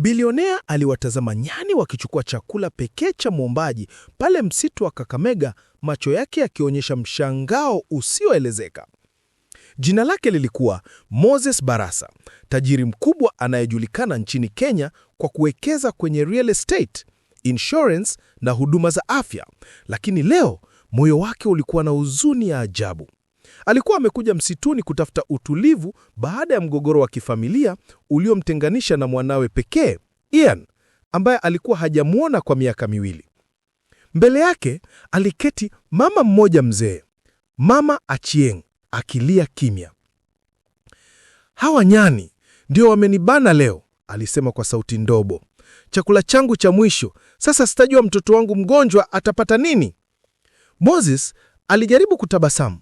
Bilionea aliwatazama nyani wakichukua chakula pekee cha mwombaji pale msitu wa Kakamega, macho yake yakionyesha mshangao usioelezeka. Jina lake lilikuwa Moses Barasa, tajiri mkubwa anayejulikana nchini Kenya kwa kuwekeza kwenye real estate, insurance na huduma za afya. Lakini leo moyo wake ulikuwa na huzuni ya ajabu. Alikuwa amekuja msituni kutafuta utulivu baada ya mgogoro wa kifamilia uliomtenganisha na mwanawe pekee, Ian, ambaye alikuwa hajamwona kwa miaka miwili. Mbele yake aliketi mama mmoja mzee, Mama Achieng, akilia kimya. Hawa nyani ndio wamenibana leo, alisema kwa sauti ndobo. Chakula changu cha mwisho. Sasa sitajua mtoto wangu mgonjwa atapata nini? Moses alijaribu kutabasamu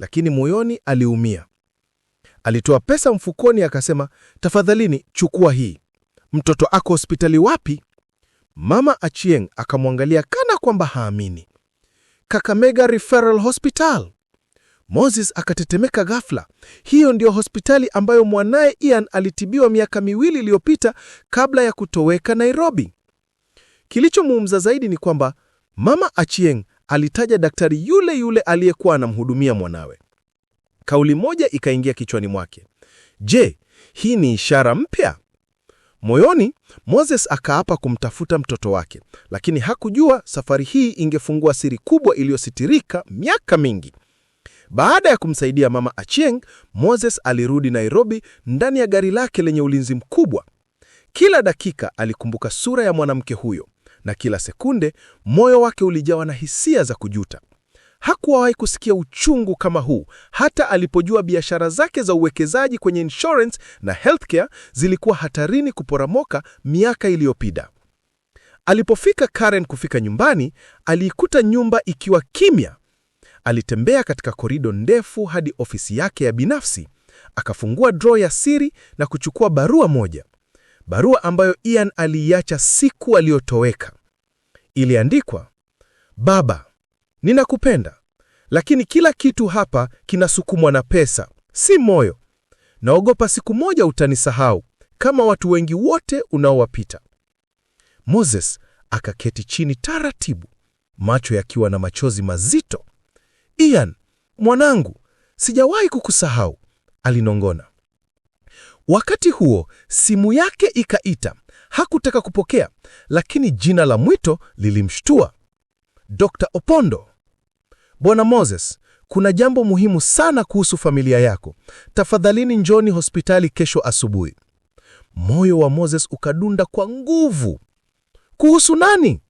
lakini moyoni aliumia. Alitoa pesa mfukoni, akasema, tafadhalini chukua hii, mtoto ako hospitali. Wapi? Mama Achieng akamwangalia kana kwamba haamini. Kakamega Referral Hospital. Moses akatetemeka ghafla. Hiyo ndiyo hospitali ambayo mwanaye Ian alitibiwa miaka miwili iliyopita kabla ya kutoweka Nairobi. Kilichomuumza zaidi ni kwamba Mama Achieng alitaja daktari yule yule aliyekuwa anamhudumia mwanawe. Kauli moja ikaingia kichwani mwake, je, hii ni ishara mpya? Moyoni, Moses akaapa kumtafuta mtoto wake, lakini hakujua safari hii ingefungua siri kubwa iliyositirika miaka mingi. Baada ya kumsaidia mama Achieng, Moses alirudi Nairobi ndani ya gari lake lenye ulinzi mkubwa. Kila dakika alikumbuka sura ya mwanamke huyo, na kila sekunde moyo wake ulijawa na hisia za kujuta. Hakuwahi kusikia uchungu kama huu hata alipojua biashara zake za uwekezaji kwenye insurance na healthcare zilikuwa hatarini kuporomoka miaka iliyopita. Alipofika Karen kufika nyumbani, aliikuta nyumba ikiwa kimya. Alitembea katika korido ndefu hadi ofisi yake ya binafsi, akafungua draw ya siri na kuchukua barua moja, barua ambayo Ian aliiacha siku aliyotoweka iliandikwa, Baba, ninakupenda, lakini kila kitu hapa kinasukumwa na pesa, si moyo. Naogopa siku moja utanisahau kama watu wengi wote unaowapita. Moses akaketi chini taratibu, macho yakiwa na machozi mazito. Ian, mwanangu, sijawahi kukusahau, alinong'ona. Wakati huo simu yake ikaita. Hakutaka kupokea, lakini jina la mwito lilimshtua. Dr. Opondo: Bwana Moses, kuna jambo muhimu sana kuhusu familia yako. Tafadhalini njoni hospitali kesho asubuhi. Moyo wa Moses ukadunda kwa nguvu. Kuhusu nani?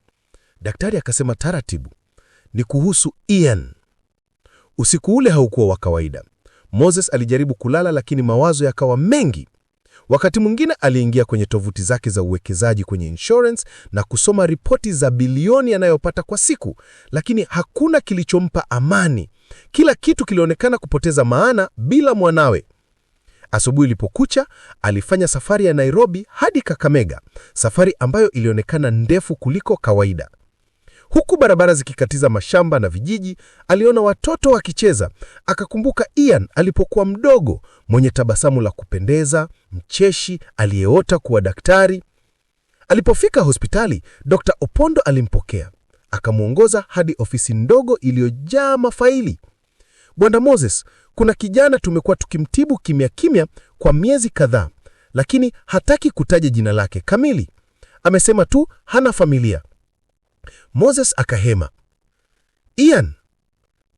Daktari akasema taratibu, ni kuhusu Ian. Usiku ule haukuwa wa kawaida. Moses alijaribu kulala, lakini mawazo yakawa mengi. Wakati mwingine aliingia kwenye tovuti zake za uwekezaji kwenye insurance na kusoma ripoti za bilioni anayopata kwa siku, lakini hakuna kilichompa amani. Kila kitu kilionekana kupoteza maana bila mwanawe. Asubuhi ilipokucha, alifanya safari ya Nairobi hadi Kakamega, safari ambayo ilionekana ndefu kuliko kawaida. Huku barabara zikikatiza mashamba na vijiji, aliona watoto wakicheza, akakumbuka Ian alipokuwa mdogo, mwenye tabasamu la kupendeza, mcheshi, aliyeota kuwa daktari. Alipofika hospitali, Dr. Opondo alimpokea, akamwongoza hadi ofisi ndogo iliyojaa mafaili. Bwana Moses, kuna kijana tumekuwa tukimtibu kimya kimya kwa miezi kadhaa, lakini hataki kutaja jina lake kamili. Amesema tu hana familia. Moses akahema. Ian,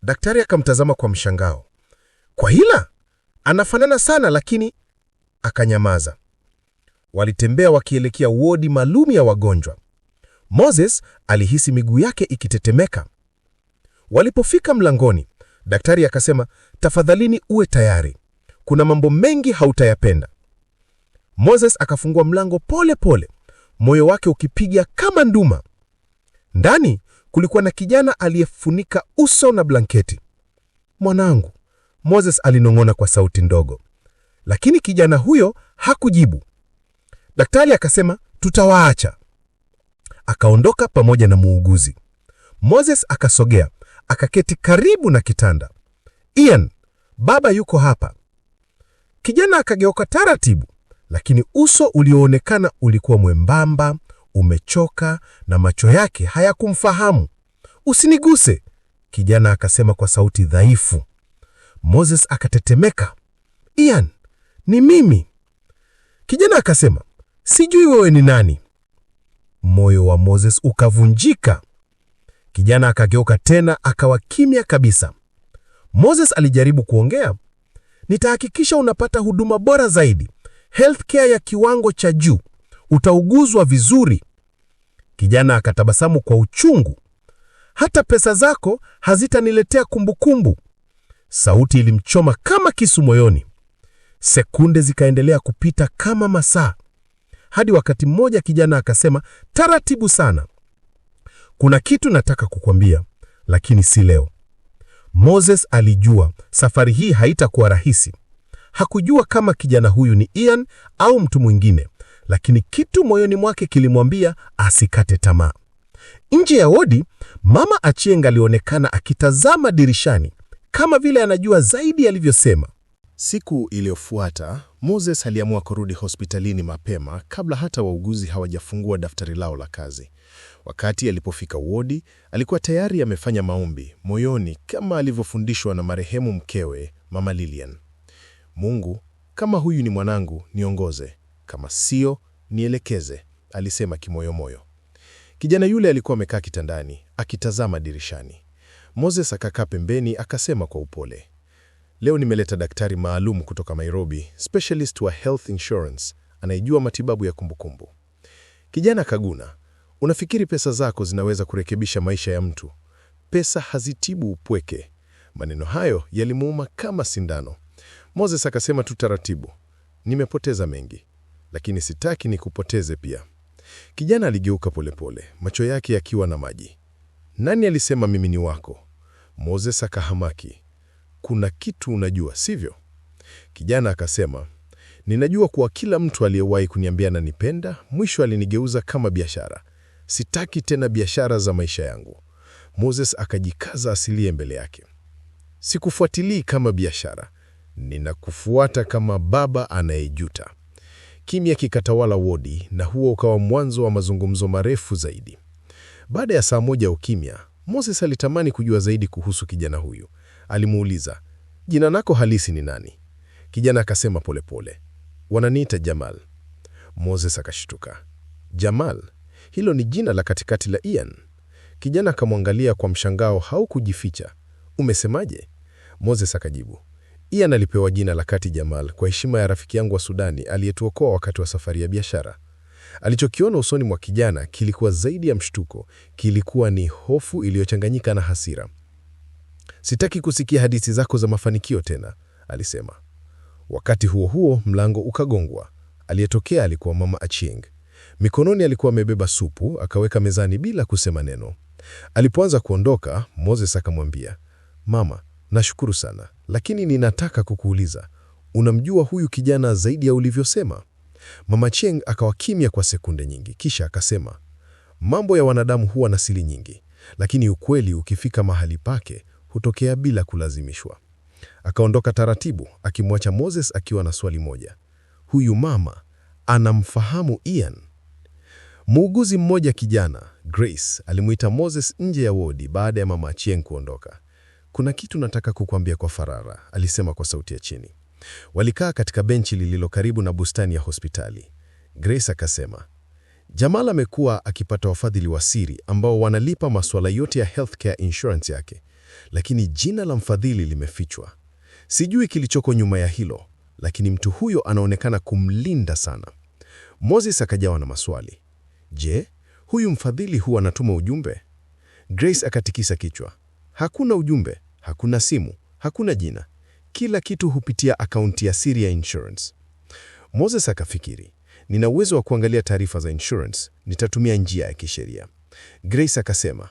daktari akamtazama kwa mshangao. Kwa hila anafanana sana, lakini akanyamaza. Walitembea wakielekea wodi maalum ya wagonjwa. Moses alihisi miguu yake ikitetemeka. Walipofika mlangoni, daktari akasema, tafadhalini uwe tayari, kuna mambo mengi hautayapenda. Moses akafungua mlango pole pole, moyo wake ukipiga kama nduma. Ndani kulikuwa na kijana aliyefunika uso na blanketi. Mwanangu, Moses alinong'ona kwa sauti ndogo, lakini kijana huyo hakujibu. Daktari akasema tutawaacha, akaondoka pamoja na muuguzi. Moses akasogea akaketi karibu na kitanda. Ian, baba yuko hapa. Kijana akageuka taratibu, lakini uso ulioonekana ulikuwa mwembamba, umechoka na macho yake hayakumfahamu. Usiniguse, kijana akasema kwa sauti dhaifu. Moses akatetemeka. Ian, ni mimi. Kijana akasema, sijui wewe ni nani. Moyo wa Moses ukavunjika. Kijana akageuka tena, akawa kimya kabisa. Moses alijaribu kuongea, nitahakikisha unapata huduma bora zaidi, healthcare ya kiwango cha juu utauguzwa vizuri. Kijana akatabasamu kwa uchungu. Hata pesa zako hazitaniletea kumbukumbu. Sauti ilimchoma kama kisu moyoni. Sekunde zikaendelea kupita kama masaa, hadi wakati mmoja kijana akasema taratibu sana, kuna kitu nataka kukwambia, lakini si leo. Moses alijua safari hii haitakuwa rahisi. Hakujua kama kijana huyu ni Ian au mtu mwingine, lakini kitu moyoni mwake kilimwambia asikate tamaa. Nje ya wodi, mama Achieng alionekana akitazama dirishani kama vile anajua zaidi alivyosema. Siku iliyofuata Moses aliamua kurudi hospitalini mapema kabla hata wauguzi hawajafungua daftari lao la kazi. Wakati alipofika wodi, alikuwa tayari amefanya maombi moyoni kama alivyofundishwa na marehemu mkewe Mama Lilian. Mungu, kama huyu ni mwanangu, niongoze. Kama sio, nielekeze, alisema kimoyomoyo. Kijana yule alikuwa amekaa kitandani akitazama dirishani. Moses akakaa pembeni akasema kwa upole, leo nimeleta daktari maalum kutoka Nairobi, specialist wa health insurance, anayejua matibabu ya kumbukumbu. kumbu. Kijana akaguna, unafikiri pesa zako zinaweza kurekebisha maisha ya mtu? Pesa hazitibu upweke. Maneno hayo yalimuuma kama sindano. Moses akasema tu taratibu, nimepoteza mengi, lakini sitaki nikupoteze pia. Kijana aligeuka polepole, macho yake yakiwa na maji. Nani alisema mimi ni wako? Moses akahamaki. Kuna kitu unajua, sivyo? Kijana akasema, ninajua kuwa kila mtu aliyewahi kuniambia nipenda mwisho alinigeuza kama biashara. Sitaki tena biashara za maisha yangu. Moses akajikaza asilie mbele yake. Sikufuatilii kama biashara, ninakufuata kama baba anayejuta. Kimya kikatawala wodi na huo ukawa mwanzo wa mazungumzo marefu zaidi. Baada ya saa moja ya ukimya, Moses alitamani kujua zaidi kuhusu kijana huyu. Alimuuliza, jina lako halisi ni nani? Kijana akasema polepole, wananiita Jamal. Moses akashtuka. Jamal, hilo ni jina la katikati la Ian. Kijana akamwangalia kwa mshangao, haukujificha. Umesemaje? Moses akajibu, Ian alipewa jina la Kati Jamal kwa heshima ya rafiki yangu wa Sudani aliyetuokoa wakati wa safari ya biashara. Alichokiona usoni mwa kijana kilikuwa zaidi ya mshtuko, kilikuwa ni hofu iliyochanganyika na hasira. Sitaki kusikia hadithi zako za mafanikio tena, alisema. Wakati huo huo, mlango ukagongwa. Aliyetokea alikuwa mama Achieng. Mikononi alikuwa amebeba supu, akaweka mezani bila kusema neno. Alipoanza kuondoka, Moses akamwambia, mama Nashukuru sana, lakini ninataka kukuuliza, unamjua huyu kijana zaidi ya ulivyosema? Mama Cheng akawa kimya kwa sekunde nyingi, kisha akasema, mambo ya wanadamu huwa na siri nyingi, lakini ukweli ukifika mahali pake hutokea bila kulazimishwa. Akaondoka taratibu, akimwacha Moses akiwa na swali moja: huyu mama anamfahamu Ian? Muuguzi mmoja kijana, Grace, alimuita Moses nje ya wodi baada ya mama Cheng kuondoka. Kuna kitu nataka kukwambia kwa farara alisema kwa sauti ya chini. Walikaa katika benchi lililo karibu na bustani ya hospitali. Grace akasema, Jamal amekuwa akipata wafadhili wa siri ambao wanalipa masuala yote ya healthcare insurance yake, lakini jina la mfadhili limefichwa. Sijui kilichoko nyuma ya hilo, lakini mtu huyo anaonekana kumlinda sana. Moses akajawa na maswali. Je, huyu mfadhili huwa anatuma ujumbe? Grace akatikisa kichwa. Hakuna ujumbe, Hakuna simu, hakuna jina, kila kitu hupitia akaunti ya siri ya insurance. Moses akafikiri, nina uwezo wa kuangalia taarifa za insurance, nitatumia njia ya kisheria. Grace akasema,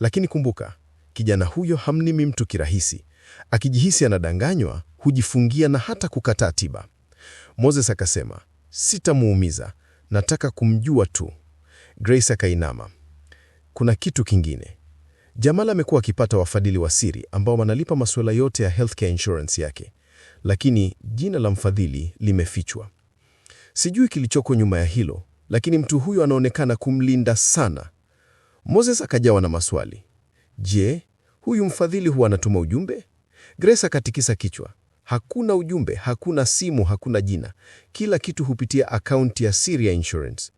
lakini kumbuka, kijana huyo hamnimi mtu kirahisi. Akijihisi anadanganywa, hujifungia na hata kukataa tiba. Moses akasema, sitamuumiza, nataka kumjua tu. Grace akainama. Kuna kitu kingine. Jamal amekuwa akipata wafadhili wa siri ambao wanalipa masuala yote ya healthcare insurance yake, lakini jina la mfadhili limefichwa. Sijui kilichoko nyuma ya hilo, lakini mtu huyo anaonekana kumlinda sana. Moses akajawa na maswali. Je, huyu mfadhili huwa anatuma ujumbe? Grace akatikisa kichwa. Hakuna ujumbe, hakuna simu, hakuna jina. Kila kitu hupitia akaunti ya siri ya insurance.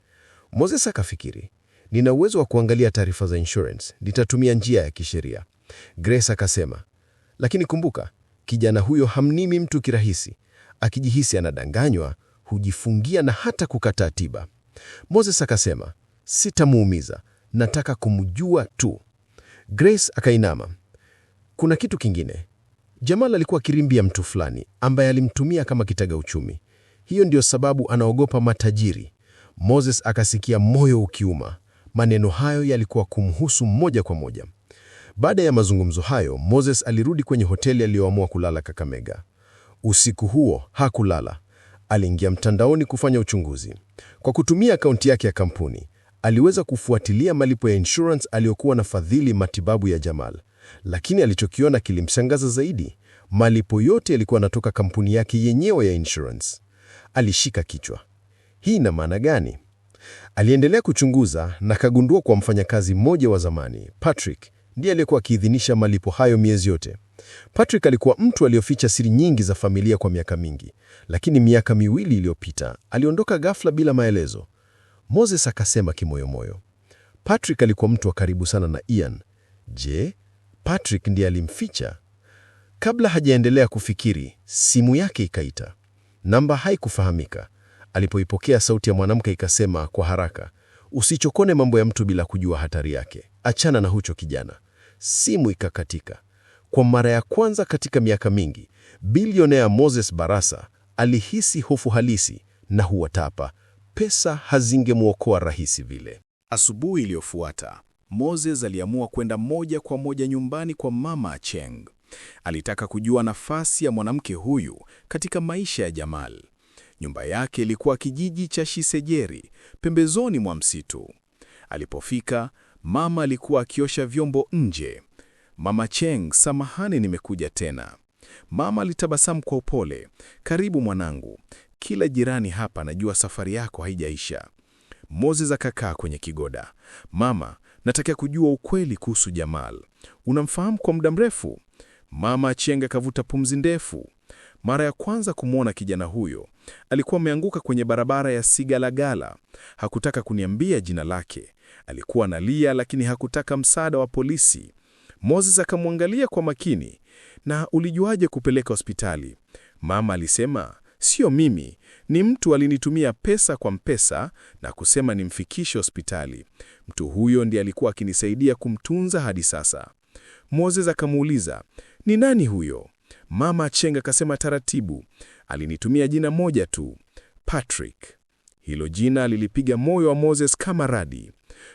Moses akafikiri, nina uwezo wa kuangalia taarifa za insurance, nitatumia njia ya kisheria. Grace akasema, lakini kumbuka, kijana huyo hamnimi mtu kirahisi. Akijihisi anadanganywa, hujifungia na hata kukataa tiba. Moses akasema, sitamuumiza, nataka kumjua tu. Grace akainama. Kuna kitu kingine, Jamal alikuwa akirimbia mtu fulani ambaye alimtumia kama kitega uchumi. Hiyo ndiyo sababu anaogopa matajiri. Moses akasikia moyo ukiuma. Maneno hayo yalikuwa kumhusu moja kwa moja. Baada ya mazungumzo hayo, Moses alirudi kwenye hoteli aliyoamua kulala Kakamega. Usiku huo hakulala. Aliingia mtandaoni kufanya uchunguzi. Kwa kutumia akaunti yake ya kampuni, aliweza kufuatilia malipo ya insurance aliyokuwa na fadhili matibabu ya Jamal. Lakini alichokiona kilimshangaza zaidi. Malipo yote yalikuwa yanatoka kampuni yake yenyewe ya insurance. Alishika kichwa. Hii ina maana gani? Aliendelea kuchunguza na kagundua kwa mfanyakazi mmoja wa zamani, Patrick, ndiye aliyekuwa akiidhinisha malipo hayo miezi yote. Patrick alikuwa mtu aliyoficha siri nyingi za familia kwa miaka mingi, lakini miaka miwili iliyopita aliondoka ghafla bila maelezo. Moses akasema kimoyomoyo, Patrick alikuwa mtu wa karibu sana na Ian. Je, Patrick ndiye alimficha? Kabla hajaendelea kufikiri, simu yake ikaita. Namba haikufahamika. Alipoipokea sauti ya mwanamke ikasema kwa haraka, usichokone mambo ya mtu bila kujua hatari yake, achana na hucho kijana. Simu ikakatika. Kwa mara ya kwanza katika miaka mingi, bilionea Moses Barasa alihisi hofu halisi na huwatapa, pesa hazingemwokoa rahisi vile. Asubuhi iliyofuata Moses aliamua kwenda moja kwa moja nyumbani kwa mama Acheng. Alitaka kujua nafasi ya mwanamke huyu katika maisha ya Jamal. Nyumba yake ilikuwa kijiji cha Shisejeri, pembezoni mwa msitu. Alipofika, mama alikuwa akiosha vyombo nje. Mama Cheng, samahani nimekuja tena. Mama alitabasamu kwa upole. Karibu mwanangu, kila jirani hapa najua safari yako haijaisha. Moses akakaa kwenye kigoda. Mama, nataka kujua ukweli kuhusu Jamal. Unamfahamu kwa muda mrefu? Mama Cheng akavuta pumzi ndefu. Mara ya kwanza kumwona kijana huyo, Alikuwa ameanguka kwenye barabara ya Sigalagala. Hakutaka kuniambia jina lake. Alikuwa analia, lakini hakutaka msaada wa polisi. Moses akamwangalia kwa makini. Na ulijuaje kupeleka hospitali? Mama alisema, sio mimi, ni mtu alinitumia pesa kwa mpesa na kusema nimfikishe hospitali. Mtu huyo ndiye alikuwa akinisaidia kumtunza hadi sasa. Moses akamuuliza, ni nani huyo? Mama Chenga akasema taratibu, alinitumia jina moja tu, Patrick. Hilo jina lilipiga moyo wa Moses kama radi.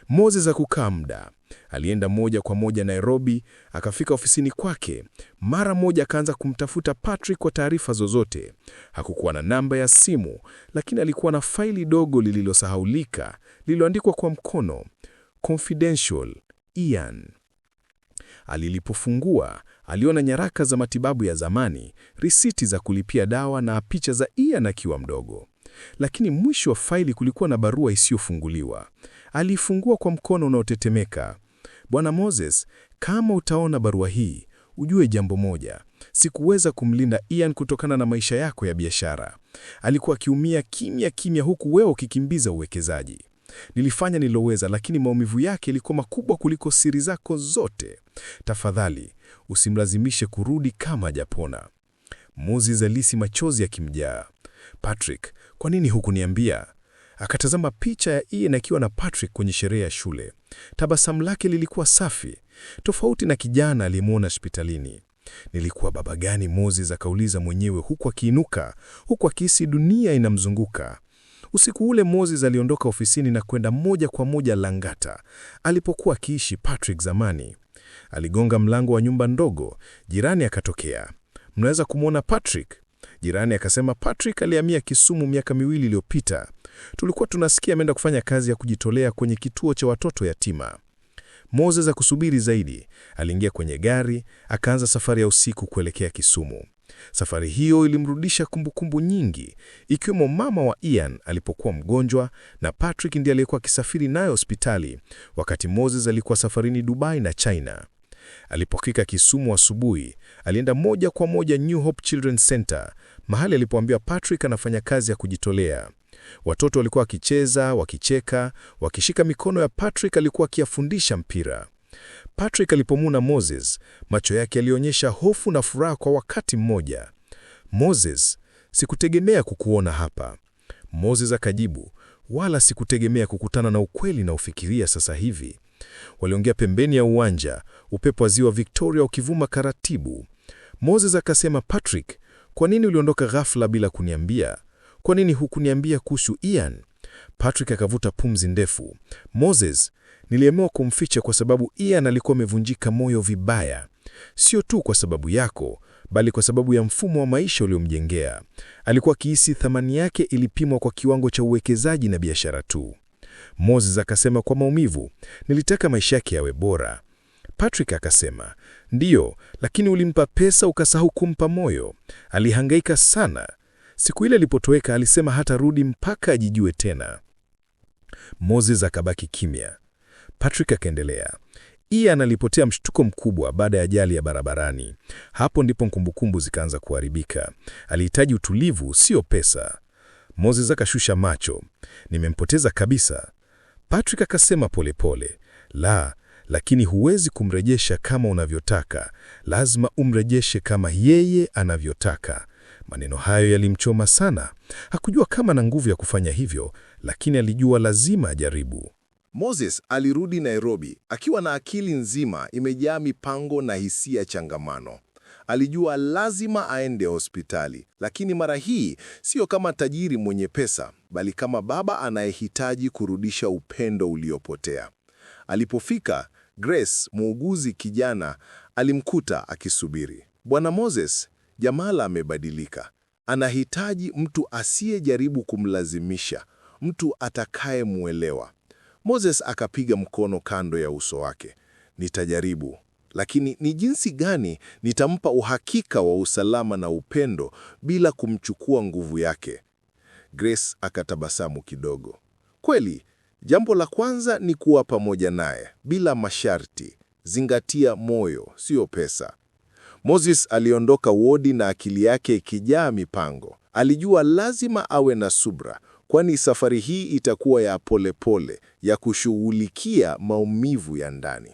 Moses hakukaa muda, alienda moja kwa moja Nairobi, akafika ofisini kwake. Mara moja akaanza kumtafuta Patrick kwa taarifa zozote. Hakukuwa na namba ya simu, lakini alikuwa na faili dogo lililosahaulika lililoandikwa kwa mkono, confidential Ian. Alilipofungua Aliona nyaraka za matibabu ya zamani, risiti za kulipia dawa na picha za Ian akiwa mdogo. Lakini mwisho wa faili kulikuwa na barua isiyofunguliwa. Aliifungua kwa mkono unaotetemeka. Bwana Moses, kama utaona barua hii, ujue jambo moja. Sikuweza kumlinda Ian kutokana na maisha yako ya biashara. Alikuwa akiumia kimya kimya, huku wewe ukikimbiza uwekezaji. Nilifanya niloweza, lakini maumivu yake yalikuwa makubwa kuliko siri zako zote. Tafadhali usimlazimishe kurudi kama hajapona. Muzi zalisi machozi yakimjaa. Patrick, kwa nini hukuniambia? Akatazama picha ya Ian akiwa na Patrick kwenye sherehe ya shule. Tabasamu lake lilikuwa safi, tofauti na kijana aliyemwona hospitalini. Nilikuwa baba gani? Moses akauliza mwenyewe, huku akiinuka, huku akihisi dunia inamzunguka. Usiku ule Moses aliondoka ofisini na kwenda moja kwa moja Langata alipokuwa akiishi Patrick zamani. Aligonga mlango wa nyumba ndogo, jirani akatokea. Mnaweza kumwona Patrick? Jirani akasema Patrick alihamia Kisumu miaka miwili iliyopita. Tulikuwa tunasikia ameenda kufanya kazi ya kujitolea kwenye kituo cha watoto yatima. Moses akusubiri zaidi, aliingia kwenye gari, akaanza safari ya usiku kuelekea Kisumu. Safari hiyo ilimrudisha kumbukumbu nyingi, ikiwemo mama wa Ian alipokuwa mgonjwa na Patrick ndiye aliyekuwa akisafiri naye hospitali wakati Moses alikuwa safarini Dubai na China. Alipofika Kisumu asubuhi, alienda moja kwa moja New Hope children Center, mahali alipoambiwa Patrick anafanya kazi ya kujitolea. Watoto walikuwa wakicheza, wakicheka, wakishika mikono ya Patrick alikuwa akiyafundisha mpira. Patrick alipomuna Moses, macho yake yalionyesha hofu na furaha kwa wakati mmoja. Moses, sikutegemea kukuona hapa. Moses akajibu, wala sikutegemea kukutana na ukweli na ufikiria sasa hivi. Waliongea pembeni ya uwanja, upepo wa ziwa Victoria ukivuma karatibu Moses akasema, Patrick, kwa nini uliondoka ghafla bila kuniambia? Kwa nini hukuniambia kuhusu Ian? Patrick akavuta pumzi ndefu. Moses, niliamua kumficha kwa sababu Ian alikuwa amevunjika moyo vibaya, sio tu kwa sababu yako, bali kwa sababu ya mfumo wa maisha uliomjengea. Alikuwa akihisi thamani yake ilipimwa kwa kiwango cha uwekezaji na biashara tu. Moses akasema kwa maumivu, nilitaka maisha yake yawe bora. Patrick akasema, ndiyo, lakini ulimpa pesa ukasahau kumpa moyo. Alihangaika sana. Siku ile alipotoweka alisema hatarudi mpaka ajijue tena. Moses akabaki kimya. Patrick akaendelea, Ian alipotea mshtuko mkubwa baada ya ajali ya barabarani. Hapo ndipo kumbukumbu zikaanza kuharibika. Alihitaji utulivu, sio pesa. Moses akashusha macho, nimempoteza kabisa. Patrick akasema polepole, la, lakini huwezi kumrejesha kama unavyotaka, lazima umrejeshe kama yeye anavyotaka. Maneno hayo yalimchoma sana. Hakujua kama na nguvu ya kufanya hivyo, lakini alijua lazima ajaribu. Moses alirudi Nairobi akiwa na akili nzima imejaa mipango na hisia changamano. Alijua lazima aende hospitali, lakini mara hii sio kama tajiri mwenye pesa, bali kama baba anayehitaji kurudisha upendo uliopotea. Alipofika, Grace, muuguzi kijana, alimkuta akisubiri. Bwana Moses, Jamala amebadilika. Anahitaji mtu asiyejaribu kumlazimisha, mtu atakayemwelewa. Moses akapiga mkono kando ya uso wake. Nitajaribu, lakini ni jinsi gani nitampa uhakika wa usalama na upendo bila kumchukua nguvu yake? Grace akatabasamu kidogo. Kweli, jambo la kwanza ni kuwa pamoja naye bila masharti. Zingatia moyo, sio pesa. Moses aliondoka wodi na akili yake ikijaa mipango. Alijua lazima awe na subra, kwani safari hii itakuwa ya polepole pole, ya kushughulikia maumivu ya ndani.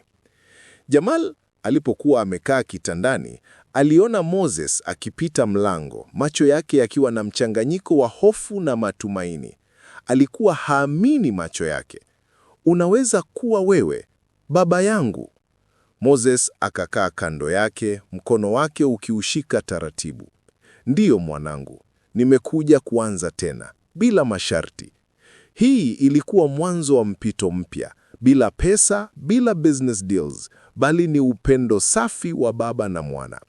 Jamal alipokuwa amekaa kitandani, aliona Moses akipita mlango, macho yake yakiwa na mchanganyiko wa hofu na matumaini. Alikuwa haamini macho yake. Unaweza kuwa wewe, baba yangu, Moses akakaa kando yake, mkono wake ukiushika taratibu. Ndiyo mwanangu, nimekuja kuanza tena bila masharti. Hii ilikuwa mwanzo wa mpito mpya, bila pesa, bila business deals, bali ni upendo safi wa baba na mwana.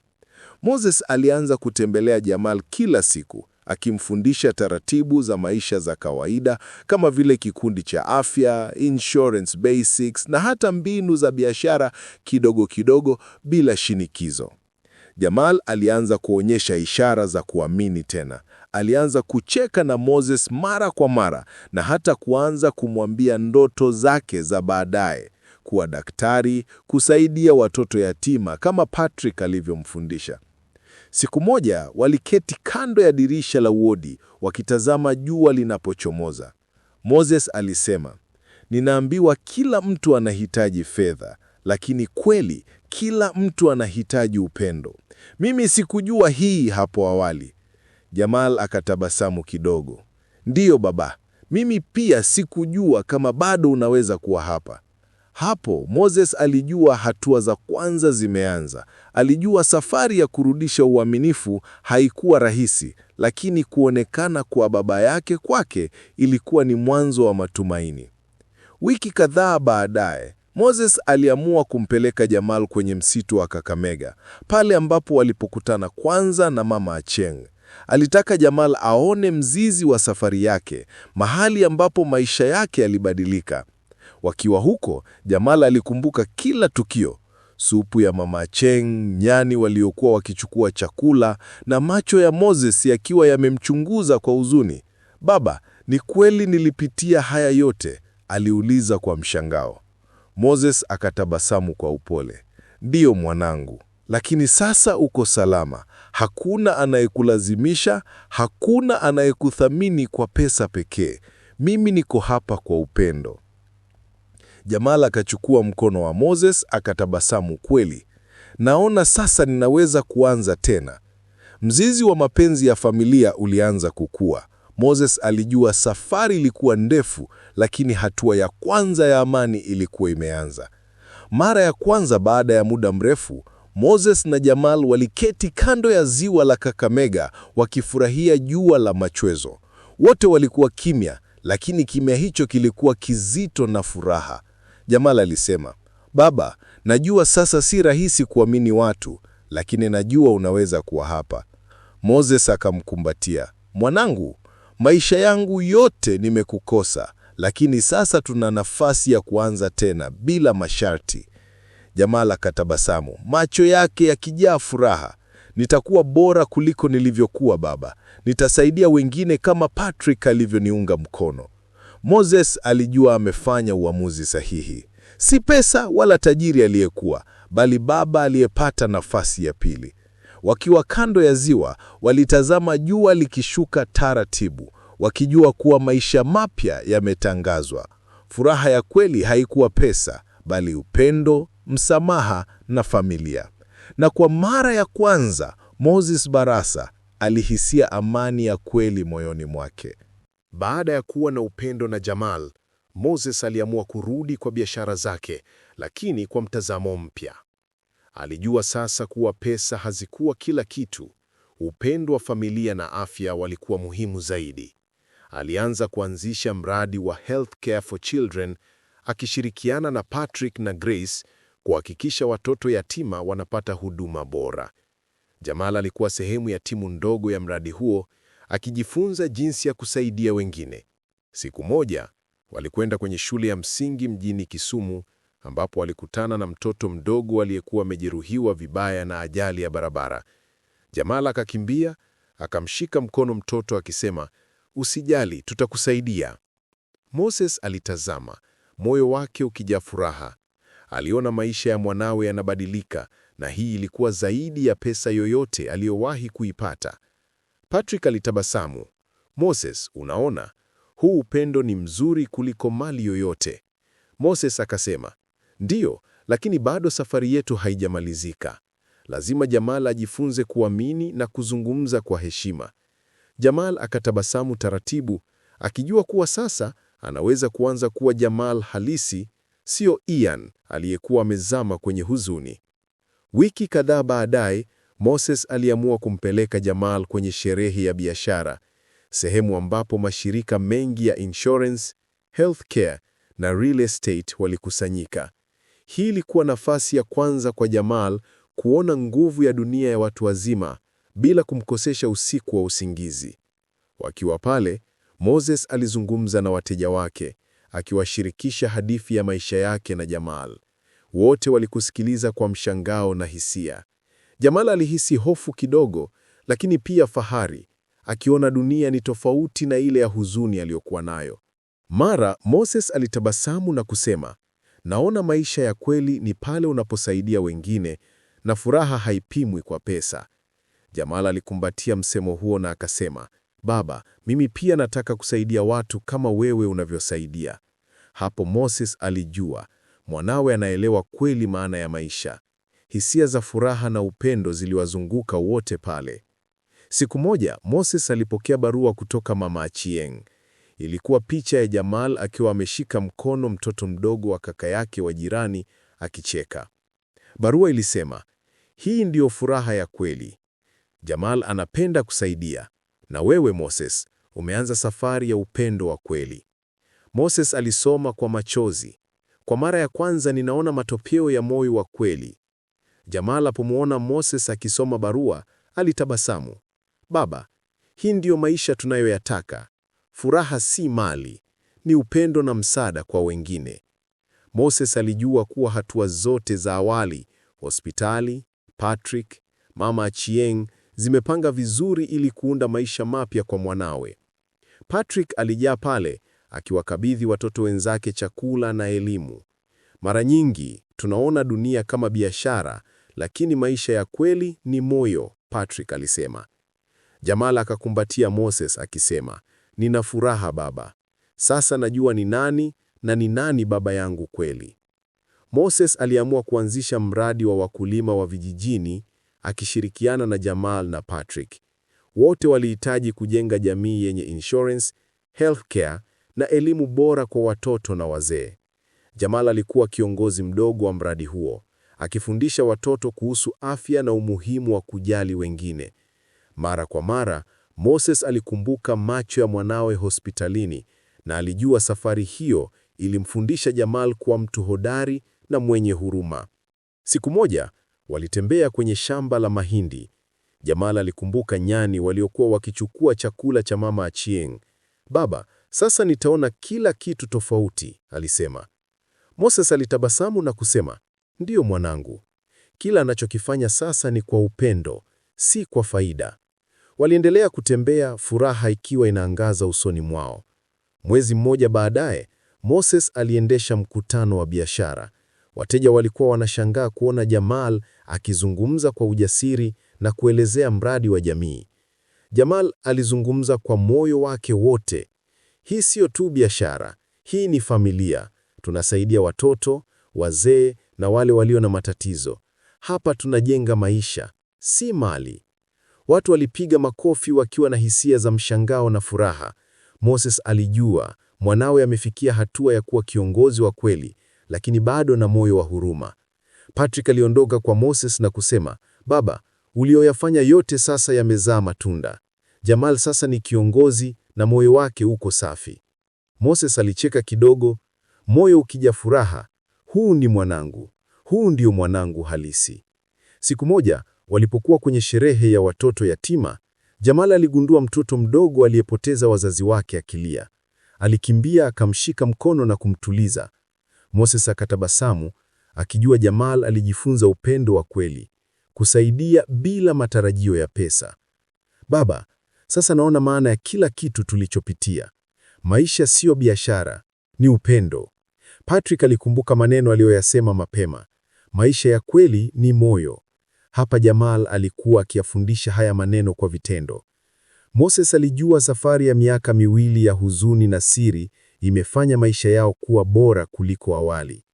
Moses alianza kutembelea Jamal kila siku, akimfundisha taratibu za maisha za kawaida kama vile kikundi cha afya, insurance basics na hata mbinu za biashara kidogo kidogo bila shinikizo. Jamal alianza kuonyesha ishara za kuamini tena. Alianza kucheka na Moses mara kwa mara na hata kuanza kumwambia ndoto zake za baadaye, kuwa daktari, kusaidia watoto yatima kama Patrick alivyomfundisha. Siku moja waliketi kando ya dirisha la wodi wakitazama jua linapochomoza. Moses alisema, ninaambiwa kila mtu anahitaji fedha, lakini kweli kila mtu anahitaji upendo. Mimi sikujua hii hapo awali. Jamal akatabasamu kidogo. Ndiyo baba, mimi pia sikujua kama bado unaweza kuwa hapa. Hapo Moses alijua hatua za kwanza zimeanza. Alijua safari ya kurudisha uaminifu haikuwa rahisi, lakini kuonekana kwa baba yake kwake ilikuwa ni mwanzo wa matumaini. Wiki kadhaa baadaye, Moses aliamua kumpeleka Jamal kwenye msitu wa Kakamega, pale ambapo walipokutana kwanza na Mama Acheng. Alitaka Jamal aone mzizi wa safari yake, mahali ambapo maisha yake yalibadilika. Wakiwa huko, Jamala alikumbuka kila tukio: supu ya Mama Cheng, nyani waliokuwa wakichukua chakula, na macho ya Moses yakiwa yamemchunguza kwa huzuni. Baba, ni kweli nilipitia haya yote? aliuliza kwa mshangao. Moses akatabasamu kwa upole. Ndiyo mwanangu, lakini sasa uko salama. Hakuna anayekulazimisha, hakuna anayekuthamini kwa pesa pekee. Mimi niko hapa kwa upendo. Jamal akachukua mkono wa Moses akatabasamu. Kweli, naona sasa ninaweza kuanza tena. Mzizi wa mapenzi ya familia ulianza kukua. Moses alijua safari ilikuwa ndefu, lakini hatua ya kwanza ya amani ilikuwa imeanza. Mara ya kwanza baada ya muda mrefu, Moses na Jamal waliketi kando ya ziwa la Kakamega wakifurahia jua la machwezo. Wote walikuwa kimya, lakini kimya hicho kilikuwa kizito na furaha. Jamal alisema, Baba, najua sasa si rahisi kuamini watu, lakini najua unaweza kuwa hapa. Moses akamkumbatia, mwanangu, maisha yangu yote nimekukosa, lakini sasa tuna nafasi ya kuanza tena bila masharti. Jamal akatabasamu, macho yake yakijaa furaha. Nitakuwa bora kuliko nilivyokuwa baba. Nitasaidia wengine kama Patrick alivyoniunga mkono. Moses alijua amefanya uamuzi sahihi, si pesa wala tajiri aliyekuwa, bali baba aliyepata nafasi ya pili. Wakiwa kando ya ziwa, walitazama jua likishuka taratibu, wakijua kuwa maisha mapya yametangazwa. Furaha ya kweli haikuwa pesa, bali upendo, msamaha na familia. Na kwa mara ya kwanza Moses Barasa alihisia amani ya kweli moyoni mwake. Baada ya kuwa na upendo na Jamal, Moses aliamua kurudi kwa biashara zake, lakini kwa mtazamo mpya. Alijua sasa kuwa pesa hazikuwa kila kitu. Upendo wa familia na afya walikuwa muhimu zaidi. Alianza kuanzisha mradi wa Healthcare for Children akishirikiana na Patrick na Grace kuhakikisha watoto yatima wanapata huduma bora. Jamal alikuwa sehemu ya timu ndogo ya mradi huo akijifunza jinsi ya kusaidia wengine. Siku moja walikwenda kwenye shule ya msingi mjini Kisumu, ambapo walikutana na mtoto mdogo aliyekuwa amejeruhiwa vibaya na ajali ya barabara. Jamala akakimbia akamshika mkono mtoto akisema, usijali, tutakusaidia. Moses alitazama, moyo wake ukijaa furaha. Aliona maisha ya mwanawe yanabadilika, na hii ilikuwa zaidi ya pesa yoyote aliyowahi kuipata. Patrick alitabasamu. Moses, unaona, huu upendo ni mzuri kuliko mali yoyote. Moses akasema, ndiyo, lakini bado safari yetu haijamalizika. Lazima Jamal ajifunze kuamini na kuzungumza kwa heshima. Jamal akatabasamu taratibu, akijua kuwa sasa anaweza kuanza kuwa Jamal halisi, sio Ian aliyekuwa amezama kwenye huzuni. Wiki kadhaa baadaye Moses aliamua kumpeleka Jamal kwenye sherehe ya biashara, sehemu ambapo mashirika mengi ya insurance, healthcare na real estate walikusanyika. Hii ilikuwa nafasi ya kwanza kwa Jamal kuona nguvu ya dunia ya watu wazima bila kumkosesha usiku wa usingizi. Wakiwa pale, Moses alizungumza na wateja wake, akiwashirikisha hadithi ya maisha yake na Jamal. Wote walikusikiliza kwa mshangao na hisia. Jamal alihisi hofu kidogo, lakini pia fahari, akiona dunia ni tofauti na ile ya huzuni aliyokuwa nayo. Mara Moses alitabasamu na kusema, naona maisha ya kweli ni pale unaposaidia wengine na furaha haipimwi kwa pesa. Jamal alikumbatia msemo huo na akasema, Baba, mimi pia nataka kusaidia watu kama wewe unavyosaidia. Hapo Moses alijua mwanawe anaelewa kweli maana ya maisha hisia za furaha na upendo ziliwazunguka wote pale. Siku moja Moses alipokea barua kutoka mama Achieng. Ilikuwa picha ya Jamal akiwa ameshika mkono mtoto mdogo wa kaka yake wa jirani akicheka. Barua ilisema, hii ndiyo furaha ya kweli. Jamal anapenda kusaidia, na wewe Moses umeanza safari ya upendo wa kweli. Moses alisoma kwa machozi. Kwa mara ya kwanza ninaona matokeo ya moyo wa kweli. Jamaa alipomwona Moses akisoma barua alitabasamu. Baba, hii ndiyo maisha tunayoyataka. Furaha si mali, ni upendo na msaada kwa wengine. Moses alijua kuwa hatua zote za awali, hospitali, Patrick, Mama Achieng zimepanga vizuri ili kuunda maisha mapya kwa mwanawe. Patrick alijaa pale akiwakabidhi watoto wenzake chakula na elimu. Mara nyingi tunaona dunia kama biashara lakini maisha ya kweli ni moyo, Patrick alisema. Jamal akakumbatia Moses akisema, nina furaha baba, sasa najua ni nani na ni nani baba yangu kweli. Moses aliamua kuanzisha mradi wa wakulima wa vijijini akishirikiana na Jamal na Patrick. Wote walihitaji kujenga jamii yenye insurance, healthcare na elimu bora kwa watoto na wazee. Jamal alikuwa kiongozi mdogo wa mradi huo akifundisha watoto kuhusu afya na umuhimu wa kujali wengine. Mara kwa mara, Moses alikumbuka macho ya mwanawe hospitalini na alijua safari hiyo ilimfundisha Jamal kuwa mtu hodari na mwenye huruma. Siku moja, walitembea kwenye shamba la mahindi. Jamal alikumbuka nyani waliokuwa wakichukua chakula cha mama Achieng. Baba, sasa nitaona kila kitu tofauti, alisema. Moses alitabasamu na kusema, Ndiyo mwanangu, kila anachokifanya sasa ni kwa upendo, si kwa faida. Waliendelea kutembea, furaha ikiwa inaangaza usoni mwao. Mwezi mmoja baadaye, Moses aliendesha mkutano wa biashara. Wateja walikuwa wanashangaa kuona Jamal akizungumza kwa ujasiri na kuelezea mradi wa jamii. Jamal alizungumza kwa moyo wake wote. Hii siyo tu biashara, hii ni familia. Tunasaidia watoto, wazee na wale walio na matatizo. Hapa tunajenga maisha, si mali. Watu walipiga makofi wakiwa na hisia za mshangao na furaha. Moses alijua mwanawe amefikia hatua ya kuwa kiongozi wa kweli, lakini bado na moyo wa huruma. Patrick aliondoka kwa Moses na kusema, baba, ulioyafanya yote sasa yamezaa matunda. Jamal sasa ni kiongozi na moyo wake uko safi. Moses alicheka kidogo, moyo ukija furaha, huu ni mwanangu, huu ndio mwanangu halisi. Siku moja walipokuwa kwenye sherehe ya watoto yatima, Jamal aligundua mtoto mdogo aliyepoteza wazazi wake akilia. Alikimbia akamshika mkono na kumtuliza. Moses akatabasamu akijua Jamal alijifunza upendo wa kweli, kusaidia bila matarajio ya pesa. Baba, sasa naona maana ya kila kitu tulichopitia. Maisha siyo biashara, ni upendo. Patrick alikumbuka maneno aliyoyasema mapema, maisha ya kweli ni moyo. Hapa Jamal alikuwa akiyafundisha haya maneno kwa vitendo. Moses alijua safari ya miaka miwili ya huzuni na siri imefanya maisha yao kuwa bora kuliko awali.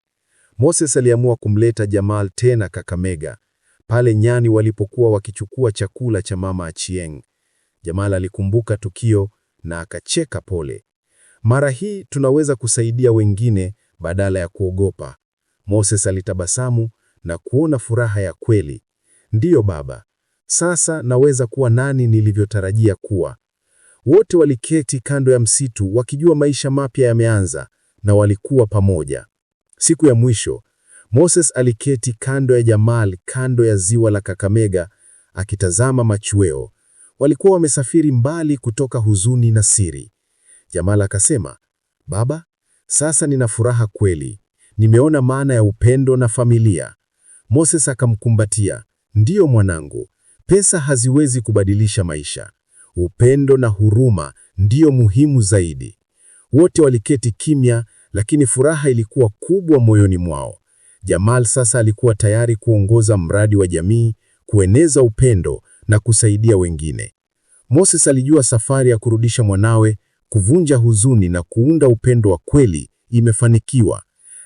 Moses aliamua kumleta Jamal tena Kakamega, pale nyani walipokuwa wakichukua chakula cha mama Achieng. Jamal alikumbuka tukio na akacheka pole. Mara hii tunaweza kusaidia wengine badala ya kuogopa. Moses alitabasamu na kuona furaha ya kweli. Ndiyo baba, sasa naweza kuwa nani nilivyotarajia kuwa. Wote waliketi kando ya msitu wakijua maisha mapya yameanza, na walikuwa pamoja. Siku ya mwisho, Moses aliketi kando ya Jamal kando ya ziwa la Kakamega akitazama machweo. Walikuwa wamesafiri mbali kutoka huzuni na siri. Jamal akasema, baba, sasa nina furaha kweli, nimeona maana ya upendo na familia. Moses akamkumbatia, ndiyo mwanangu, pesa haziwezi kubadilisha maisha. Upendo na huruma ndiyo muhimu zaidi. Wote waliketi kimya, lakini furaha ilikuwa kubwa moyoni mwao. Jamal sasa alikuwa tayari kuongoza mradi wa jamii, kueneza upendo na kusaidia wengine. Moses alijua safari ya kurudisha mwanawe kuvunja huzuni na kuunda upendo wa kweli imefanikiwa,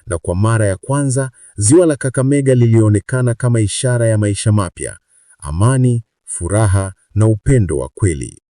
na kwa mara ya kwanza ziwa la Kakamega lilionekana kama ishara ya maisha mapya, amani, furaha na upendo wa kweli.